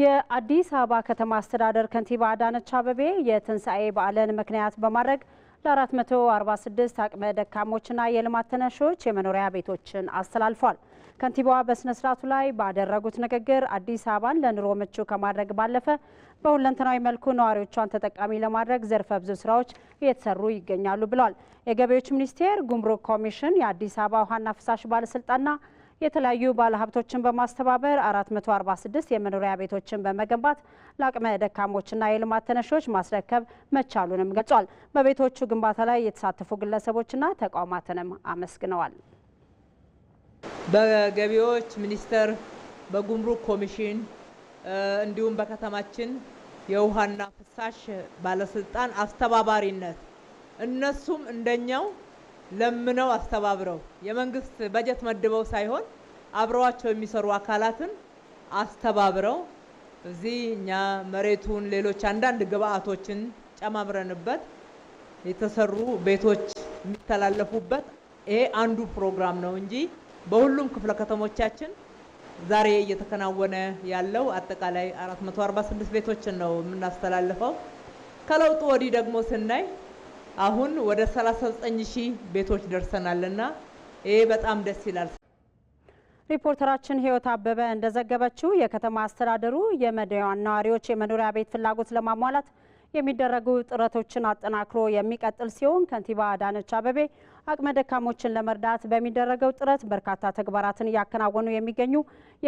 የአዲስ አበባ ከተማ አስተዳደር ከንቲባ አዳነች አበቤ የትንሣኤ በዓልን ምክንያት በማድረግ ለ446 አቅመ ደካሞችና የልማት ተነሺዎች የመኖሪያ ቤቶችን አስተላልፏል። ከንቲባዋ በሥነ ሥርዓቱ ላይ ባደረጉት ንግግር አዲስ አበባን ለኑሮ ምቹ ከማድረግ ባለፈ በሁለንተናዊ መልኩ ነዋሪዎቿን ተጠቃሚ ለማድረግ ዘርፈ ብዙ ስራዎች እየተሰሩ ይገኛሉ ብለዋል። የገቢዎች ሚኒስቴር፣ ጉምሩክ ኮሚሽን፣ የአዲስ አበባ ውሃና ፍሳሽ ባለስልጣንና የተለያዩ ባለሀብቶችን በማስተባበር 446 የመኖሪያ ቤቶችን በመገንባት ለአቅመ ደካሞችና የልማት ተነሾች ማስረከብ መቻሉንም ገልጿል። በቤቶቹ ግንባታ ላይ የተሳተፉ ግለሰቦችና ተቋማትንም አመስግነዋል። በገቢዎች ሚኒስቴር፣ በጉምሩክ ኮሚሽን እንዲሁም በከተማችን የውሃና ፍሳሽ ባለስልጣን አስተባባሪነት እነሱም እንደኛው ለምነው አስተባብረው የመንግስት በጀት መድበው ሳይሆን አብረዋቸው የሚሰሩ አካላትን አስተባብረው እዚህ እኛ መሬቱን ሌሎች አንዳንድ ግብአቶችን ጨማምረንበት የተሰሩ ቤቶች የሚተላለፉበት ይሄ አንዱ ፕሮግራም ነው እንጂ በሁሉም ክፍለ ከተሞቻችን ዛሬ እየተከናወነ ያለው አጠቃላይ 446 ቤቶችን ነው የምናስተላልፈው። ከለውጡ ወዲህ ደግሞ ስናይ አሁን ወደ 39 ሺህ ቤቶች ደርሰናልና ይሄ በጣም ደስ ይላል። ሪፖርተራችን ህይወት አበበ እንደዘገበችው የከተማ አስተዳደሩ የመዲናዋን ነዋሪዎች የመኖሪያ ቤት ፍላጎት ለማሟላት የሚደረጉ ጥረቶችን አጠናክሮ የሚቀጥል ሲሆን ከንቲባ አዳነች አበቤ አቅመ ደካሞችን ለመርዳት በሚደረገው ጥረት በርካታ ተግባራትን እያከናወኑ የሚገኙ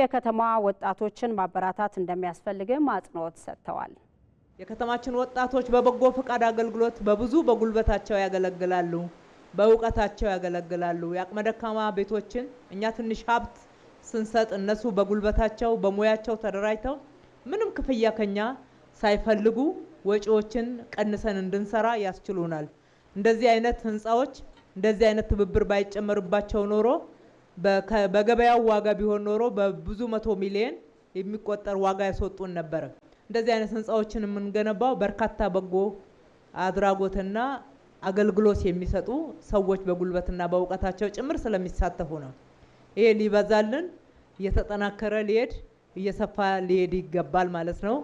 የከተማዋ ወጣቶችን ማበራታት እንደሚያስፈልግም አጽንኦት ሰጥተዋል። የከተማችን ወጣቶች በበጎ ፈቃድ አገልግሎት በብዙ በጉልበታቸው ያገለግላሉ፣ በእውቀታቸው ያገለግላሉ። የአቅመ ደካማ ቤቶችን እኛ ትንሽ ሀብት ስንሰጥ እነሱ በጉልበታቸው በሙያቸው ተደራጅተው ምንም ክፍያ ከኛ ሳይፈልጉ ወጪዎችን ቀንሰን እንድንሰራ ያስችሉናል። እንደዚህ አይነት ህንፃዎች እንደዚህ አይነት ትብብር ባይጨመርባቸው ኖሮ በገበያው ዋጋ ቢሆን ኖሮ በብዙ መቶ ሚሊዮን የሚቆጠር ዋጋ ያስወጡን ነበረ። እንደዚህ አይነት ህንፃዎችን የምንገነባው በርካታ በጎ አድራጎትና አገልግሎት የሚሰጡ ሰዎች በጉልበትና በእውቀታቸው ጭምር ስለሚሳተፉ ነው። ይሄ ሊበዛልን እየተጠናከረ ሊሄድ እየሰፋ ሊሄድ ይገባል ማለት ነው።